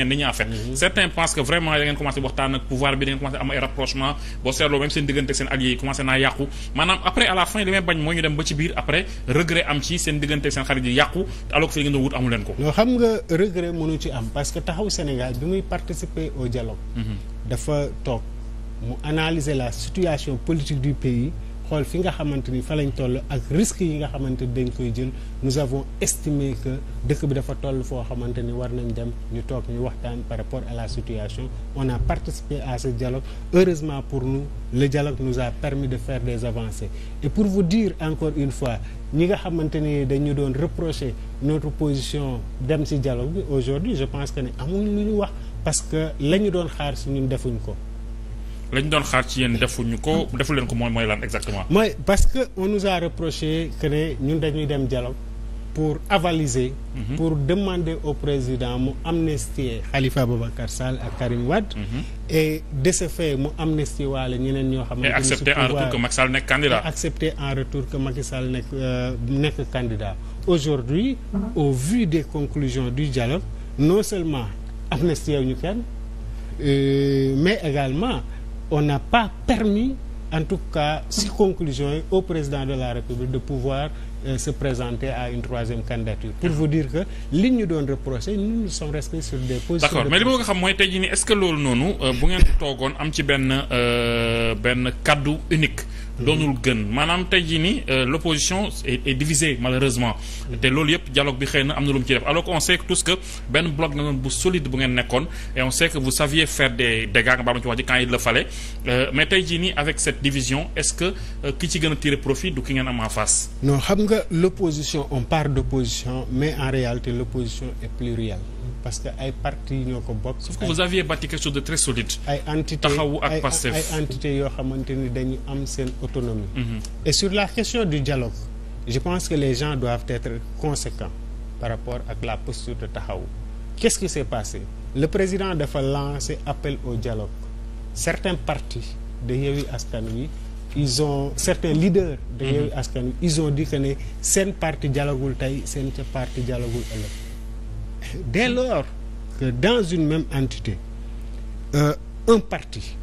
ñeen nit ñi en fait certains pensent que vraiment da ngeen commencé waxtaan ak pouvoir bi da ngeen am ay rapprochement boo seetloo même seen diggante seen alliés yi commencé naa yàqu maanaam après à la fin li bañ mooy ñu dem ba ci biir après regret am ci seen diggante seen xarit yi yàqu te alors que fi ngeen doon wut amu ko non xam nga regret mënu ci am parce que taxaw Sénégal bi muy participer au dialogue mhm. dafa toog mu analyser la situation xool fi nga xamante ni fa lañ toll ak risques yi nga xamante ni dañ koy jël nous avons estimé que dëkk bi dafa toll foo xamante ni war nañ dem ñu toog ñu waxtaan par rapport à la situation on a participé à ce dialogue heureusement pour nous le dialogue nous a permis de fair des avancées et pour vous dire encore une fois ñi nga xamante ni dañu doon reprocher notre position dem ci dialogue bi aujourd'hui je pense que ne amuñ lu ñu wax parce que la ñu doon xaar si ñun defuñ ko lañu doon xaar ci yéen defuñu ko defu leen ko mooy mooy lan exactement. mooy parce que on nous a reproché que ne ñun dañuy dem dialogue pour avaliser. Mhm. pour demander au président mu amnistier Khalifa Babacar Sall ak Karim Wade. Mm -hmm. et de ce fait mu amnistie waale ñeneen ñoo xam ne. accepter en retour que Macky Sall nekk candidat. accepter en retour que Macky Sall nekk nekk candidat aujourd'hui mm -hmm. au vu des conclusion du dialogue non seulement amnistie wu ñu kenn euh, mais également. on n'a pas permis en tout cas si conclusion yi au président de la République de pouvoir euh, se présenter à une troisième candidature pour vous dire que li ñu doon reprocher nous nous sommes restés sur des positions d'accord mais li ma nga xam mooy tey jii nii est que loolu noonu euh, bu ngeen toogoon am ci benn euh, benn kaddu unique doonul gën maanaam tey jii nii euh, l' opposition est, est divisée malheureusement te loolu yëpp dialogue bi xëy na am na lu mu ci def alors que on sait tous que benn bloc nga doon bu solide bu ngeen nekkoon et on sait que vous saviez faire des dégâts nga baal ci wax ci quand il le fallait euh, mais tey jii nii avec cette division est ce que euh, ki ci gën a tirer profit du ki ngeen am en face non xam nga l' opposition on parle d' opposition mais en réalité l' opposition est plurielle parce que ay parti ñoo ko bokk. sauf que vous aviez bâti quelque chose de très solide. ay entité taxawu yoo xamante ni dañu am seen autonomie. Mhm. et sur la question du dialogue je pense que les gens doivent être conséquents par rapport ak la posture de taxawu. qu'est-ce qui s'est passé le président dafa lancer appel au dialogue certains partis de Yewwi Askan yi ils ont certains leaders de mhm. Yewwi Askan Wi ils ont dit ne seen parti dialogul tey seen ca parti dialogul ëllëg dès lors que dans une même entité euh, un parti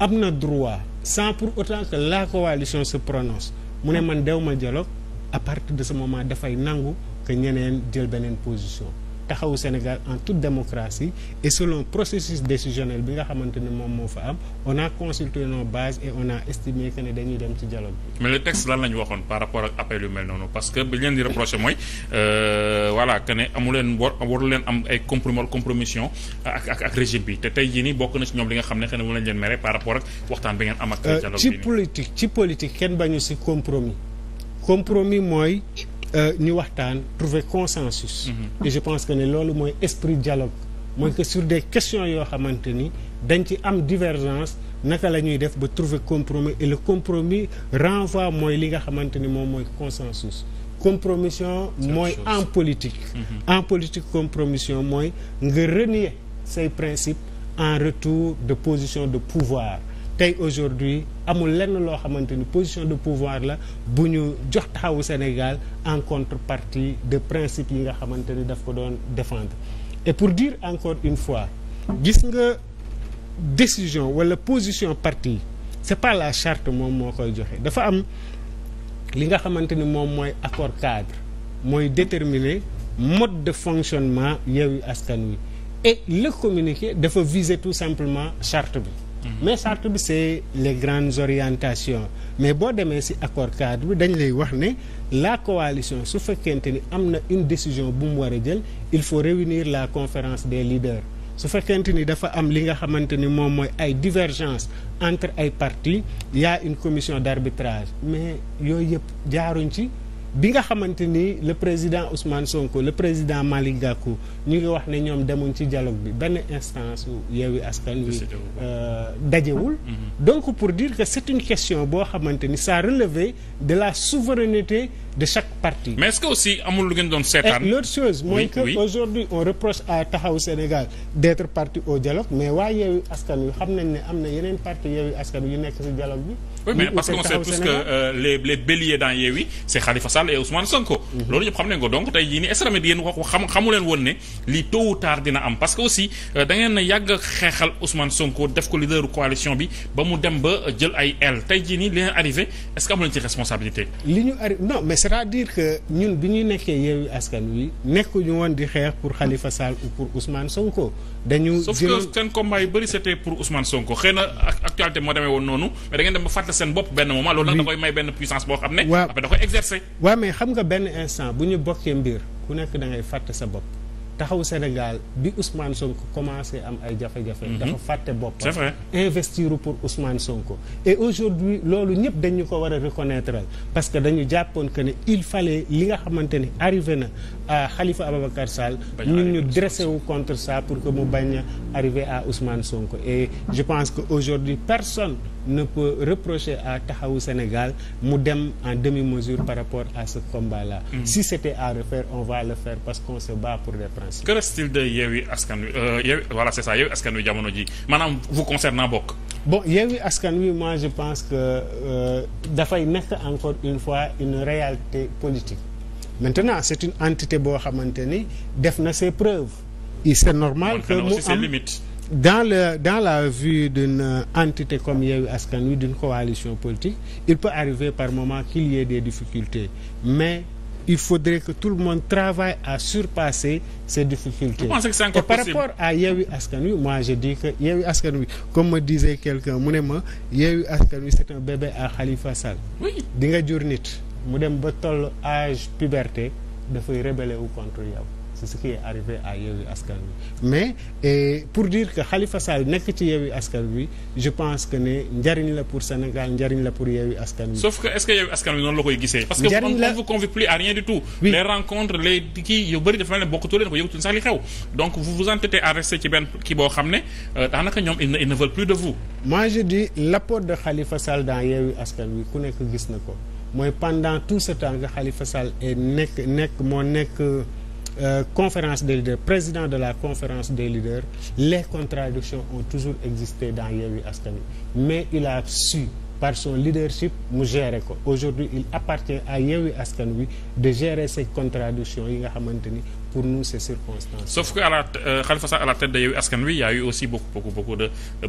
am na droit sans pour autant que la coalition se prononce mu ne man dew ma dialogue à partir de ce moment dafay nangu que ñeneen jël beneen position taxawu Sénégal en toute démocratie et selon processus décisionnel bi nga xamante ne moom moo fa am on a consulté nos bases et on a estimé que ne dañuy dem ci dialogue mais le texte lan la ñu waxoon par rapport ak appel yu mel noonu parce que bi leen di mooy euh, voilà que ne amu leen war waru leen am ay compromis compromission ak ak régime bi te tey jii nii bokk na ci ñoom li nga xam ne xëy na mu lañ leen mere par rapport ak waxtaan bi ngeen am ak euh, ci politique kenn bañu si Euh, ñu waxtaan trouver consensus mhm. et je pense que ne loolu mooy esprit dialogue mooy que sur des questions yoo xamante ni dañ ci am divergence naka la ñuy def ba trouver compromis et le compromis renvoie mooy li nga xamante ni moom mooy consensus compromission mooy en politique mhm. en politique compromission mooy nga renier say principes en retour de position de pouvoir tey aujourd'hui amul lenn loo xamante ni position de pouvoir la bu ñu jox taxawu Sénégal en contrepartie de principe yi nga xamante ni daf ko doon défendre et pour dire encore une fois gis nga décision wala position parti c'est pas la charte moom moo koy joxe dafa am li nga xamante ni moom mooy accord cadre mooy déterminer mode de fonctionnement Yewwi Askan Wi et le communiqué dafa viser tout simplement charte bi Mhm. mais charte bi c'est les grandes orientations mais boo demee ci accord cadre bi dañ lay wax ne la coalition su fekkente ni am na une décision bu mu war a jël il faut réunir la conférence des leaders su fekkente ni dafa am li nga xamante ni moom mooy ay divergence entre ay partis y une commission d'arbitrage mais yooyu yëpp jaaruñ ci bi nga xamante ni le président Ousmane Sonko la président Malick Gakou ñu ngi wax ne ñoom demuñ ci dialogue bi benn instance u Yewwi Askan Wi euh, dajewul mm-hmm. Mm-hmm. donc pour dire que c'est une question boo xamante ni ça relevait de la souveraineté de chaque parti mais est-ce aussi amul lu ngeen doon seetaan eh, l'autre chose mooy que aujourd'hui on reproche à Taxawu Sénégal d'être parti au dialogue mais waa Yewwi Askan Wi xam nañ ne am na yeneen parti Yewwi Askan Wi yu nekk ci dialogue bi oui mais parce que on sait tous que euh, les les béliers dans Yewwi c' est Khalifa Sall et mhm. loolu ñëpp xam nañ ko donc tey jii nii est ce que tamit yéen xam xamu woon ne lii tôt ou dina am parce que aussi euh, da ngeen a yàgg a xeexal Ousmane Sonko def ko leaderu coalition bi ba mu dem ba jël ay aile tey jii nii li leen arrivé est que amu leen ci responsabilité. li ñu arri non mais c' est à dire ñun bi ñu nekkee Yewwi Askan Wi nekkuñu woon di xeex pour Khalifa Sall ou pour Ousmane Sonko. dañu sauf que seen combat yu bëri c' était pour Ousmane Sonko xëy na actualité moo demee woon noonu fàtte seen bopp benn moment loolu nag da may benn puissance boo xam ne après da xam nga benn instant bu ñu bokkee mbir ku nekk da ngay fàtte sa bopp taxaw Sénégal bi Ousmane Sonko commencé am ay jafe-jafe mhm. fàtte boppam c'est investir pour Ousmane Sonko et aujourd'hui loolu ñëpp dañu ko war a parce que dañu jàppoon que ne il fallait li nga xamante ni arriver na à xalifa Ababacar Sall ñun ñu dressé wu contre ça pour que mu bañ a arrivé à Ousmane Sonko et je pense que aujourd'hui personne ne peut reprocher à Taxawu Sénégal mu dem en demi-mesure par rapport à ce combat-là. Mm. si c'était à refaire on va le faire parce qu'on se bat pour des principes. que reste-t-il de Yewwi Askan Wi euh, Yewwi voilà c'est ça Yewwi Askan Wi jamono ji maanaam vous concernant bokk. bon Askan Wi moi je pense que euh, dafay nekk encore une fois une réalité politique maintenant c'est une entité boo xamante ni def na ses preuves. et c'est normal que mu am dans le dans la vue d'une euh, entité comme Yewwi Askan Wi d'une coalition politique il peut arriver par moment qu'il y ait des difficultés mais il faudrait que tout le monde travaille à surpasser ces difficultés. Vous pensez par rapport à Yewwi Askan Wi moi je dis que Yewwi Askan Wi comme me disait quelqu'un mu ne ma Yewwi Askan Wi c'est un bébé à Khalifa Sall. oui di nga jur nit mu dem ba toll âge puberté dafay rébellé wu contre yow. c'est ce qui est arrivé Askan Wi mais et pour dire que Khalifa Sall nekk ci Yewwi Askan Wi je pense que ne njariñ la pour Sénégal njariñ la pour Yewwi Askan Wi sauf que est-ce que Yewwi Askan Wi noonu la koy gisee parce que on ne vous convie plus à rien du tout oui. les rencontres les kii bokkatu leen ko yëgutuñ sax li xew donc vous vous entêtez à rester ci benn kii boo xam ne euh, daanaka ñoom ils ne veulent plus de vous moi je dis l'apport de Khalifa Sall dans Wi ku nekk gis na ko mooy pendant tout ce temps que Khalifa Sall nekk Euh, conférence des leaders président de la conférence des leaders les contradictions ont toujours existé dans Yewwi Askan Wi mais il a su par son leadership mu gérer ko aujourd'hui il appartient à Yewwi Askan Wi de gérer ces contradictions yi nga xamante ni pour nous c'est circonstance. sauf que à la euh, Khalifa Sall à la tête de Yewwi Askan Wi y a aussi beaucoup beaucoup beaucoup de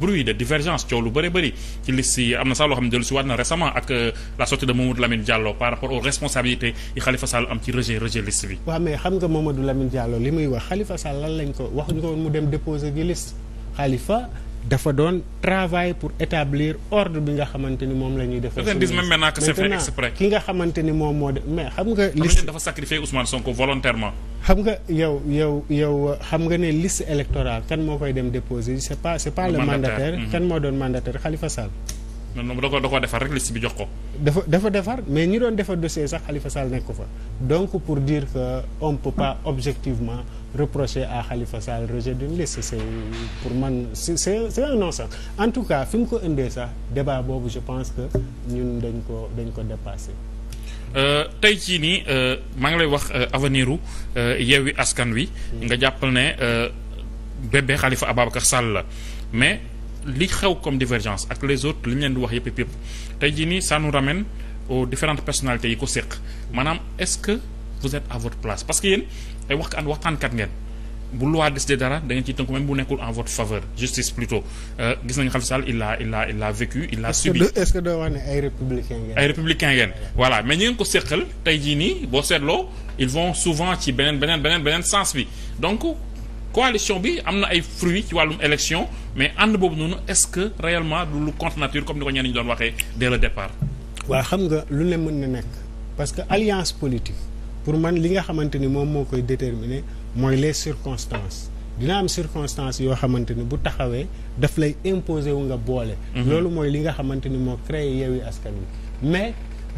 bruit de divergence coow lu bëri bëri ci liste yi am na sax loo xam ne dellusiwaat na récemment ak euh, la sortie de Mamadou Lamine Diallo par rapport aux responsabilités yi Khalifa Sall am ci rejet rejet liste bi. waaw mais xam nga Mamadou Lamine Diallo li muy wax Khalifa Sall lan lañ ko waxuñu ko mu dem déposer gi liste Khalifa. dafa doon travail pour établir ordre bi nga xamante ni moom la ñuy defar. maintenant ki nga xamante ni moom moo de mais xam nga. liste dafa sacrifier Ousmane Sonko volontairement. xam nga yow yow xam nga ne list électorale kan moo koy dem déposer c'est pas c'est pas le mandataire mm-hmm. kan moo doon mandataire Khalifa Sall. non da ko da ko defar rek liste bi jox ko. dafa dafa defar mais ñi doon defar dossier sax Khalifa Sall nekk ko fa donc pour dire que on pas objectivement. reprocher à Khalifa Sall rejet d'une liste c'est pour man c'est c'est un non-sens en tout cas fi mu ko indee sax débat boobu je pense que ñun dañ ko dañ ko dépassé euh, tey cii nii euh, maa ngi lay wax euh, avenir u Yewwi Askan Wi mm. nga jàppal ne bébé Khalifa Ababacar Sall la mais li xew comme divergence ak les autres li ñu leen di wax yëpp yëpp tey jii nii ça nous ramène aux différentes yi ko séq maanaam est-ce que vous êtes à votre place parce que yéen ay wax waxtaankat ngeen bu loi décidé dara da ngeen ciy tënk bu nekkul en votre faveur justice plutôt euh, gis nañu Khalifa Sall il a il a il a vécu il a subi est-ce que doo wax ne ay républicain ngeen. ay républicain ngeen mais ñi ngeen ko séqal tey ji nii boo seetloo ils vont souvent ci beneen beneen beneen beneen sens bi donc coalition bi am na ay fruits ci wàllum election mais ànd boobu noonu est-ce que réellement du lu contre nature comme ni ko ñenn ñi doon waxee dès le départ. waaw xam nga lu mën na parce que alliance politique. pour man li nga xamante ni moom moo koy déterminer mooy les circonstances dina am circonstance yoo xamante ni bu taxawee daf lay imposer wu nga boole. Mhm. loolu mooy li nga xamante ni moo créé Yewwi Askan Wi mais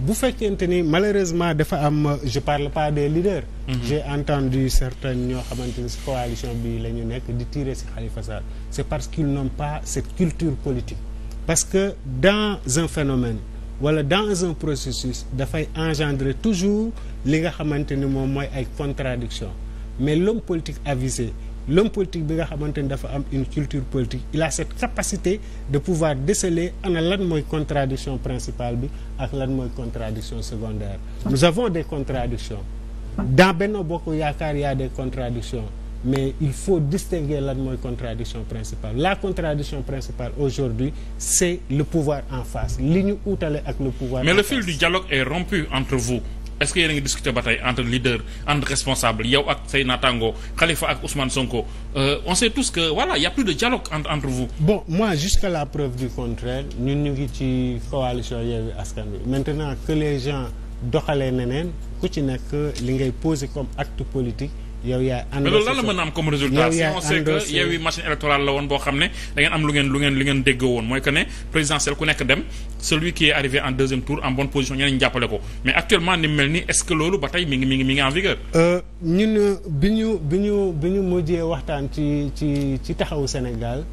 bu fekkente ni malheureusement dafa am je parle pas des leaders. Mm -hmm. j'ai entendu certains ñoo xamante ni ci coalition bi la ñu nekk di tirer si Khalifa Sall c'est parce que no pas cette culture politique parce que dans un phénomène. wala dans un processus dafay engendrer toujours li nga xamante ni moom mooy ay contradiction mais l'homme politique avisé l'homme politique bi nga xamante ni dafa am une culture politique il a cette capacité de pouvoir déceler ana lan mooy contradiction principal bi ak lan mooy contradiction secondaire nous avons des contradictions dans Benno Bokk Yaakaar y a des contradictions mais il faut distinguer lan mooy contradiction principal la contradiction principale aujourd'hui c'est le pouvoir en face li ñu uutale ak le pouvoir mais le fil du dialogue est rompu entre vous est-ce que yéen a ngi discuter ba tey entre leader entre responsable yow ak say naataango Khalifa ak Ousmane Sonko euh, on sait tous que voilà y a plus de dialogue entre entre vous bon moi jusqu'à la preuve du contraire ñun ñu ngi ci coalition Yewwi Askan Wi maintenant que les doxalee neneen ku ci nekk li ngay poser comme acte politique yow yaay ànd mais a woon boo xam ne da ngeen am lu ngeen lu ngeen lu ngeen déggoo woon mooy que ne présidentiel ku nekk dem celui qui est arrivé en deuxième tour en bonne euh, ñu bi ñu bi ñu bi ñu waxtaan ci ci ci taxawu Sénégal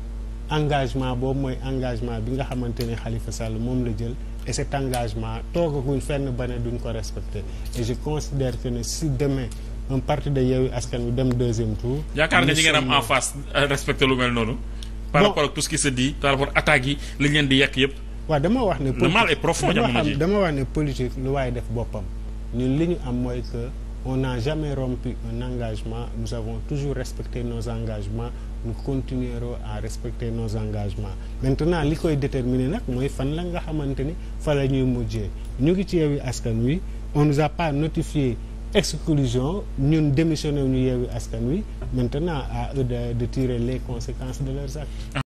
engagement boobu mooy engagement bi nga xamante ne Khalifa Sall moom la jël et cet engagement toogaguñ fenn ba ne duñ ko respecter et je considère que ne si demain en parti de Yewwi Askan Wi dem deuxième tour. yaakaar nga ñi ngeen am en face euh, respecté lu mel noonu. par rapport ak tout ce qui se dit par rapport attaques yi li ñu di yekk yëpp. waaw dama wax ne. le mal dama wax ne politique lu waaye def boppam ñu li ñu am mooy que on n'a jamais rompu un engagement nous avons toujours respecté nos engagements nous continuerons à respecter nos engagements maintenant li koy déterminer nag mooy fan la nga xamante ni fa la ñuy mujjee ñu ngi ci Yewwi Askan Wi on nous a exclusion ñun démissionné wu ñu Yewwi Askan Wi maintenant à eux de de tirer les conséquences de leurs actes